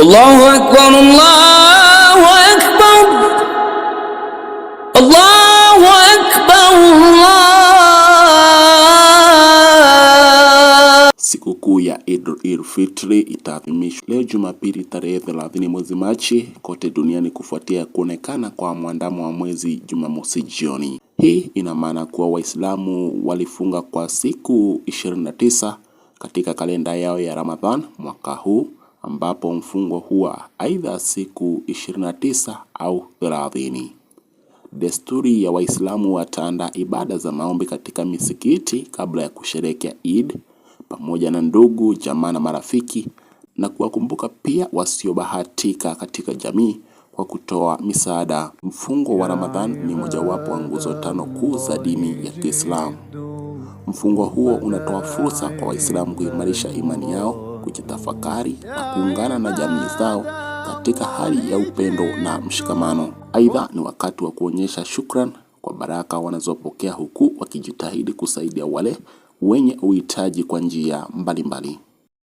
الله akbar, الله akbar, الله akbar, Sikukuu ya Idd-el Fitri itaadhimishwa leo Jumapili tarehe 30 mwezi Machi kote duniani kufuatia kuonekana kwa mwandamo wa mwezi Jumamosi jioni. Hii ina maana kuwa Waislamu walifunga kwa siku 29 katika kalenda yao ya Ramadhan mwaka huu ambapo mfungo huwa aidha siku 29 au 30. Desturi ya Waislamu wataandaa ibada za maombi katika misikiti kabla ya kusherehekea Eid pamoja na ndugu, jamaa na marafiki na kuwakumbuka pia wasiobahatika katika jamii kwa kutoa misaada. Mfungo wa Ramadhan ni mojawapo wa nguzo tano kuu za dini ya Kiislamu. Mfungo huo unatoa fursa kwa Waislamu kuimarisha imani yao kujitafakari na kuungana na jamii zao katika hali ya upendo na mshikamano. Aidha, ni wakati wa kuonyesha shukran kwa baraka wanazopokea huku wakijitahidi kusaidia wale wenye uhitaji kwa njia mbalimbali.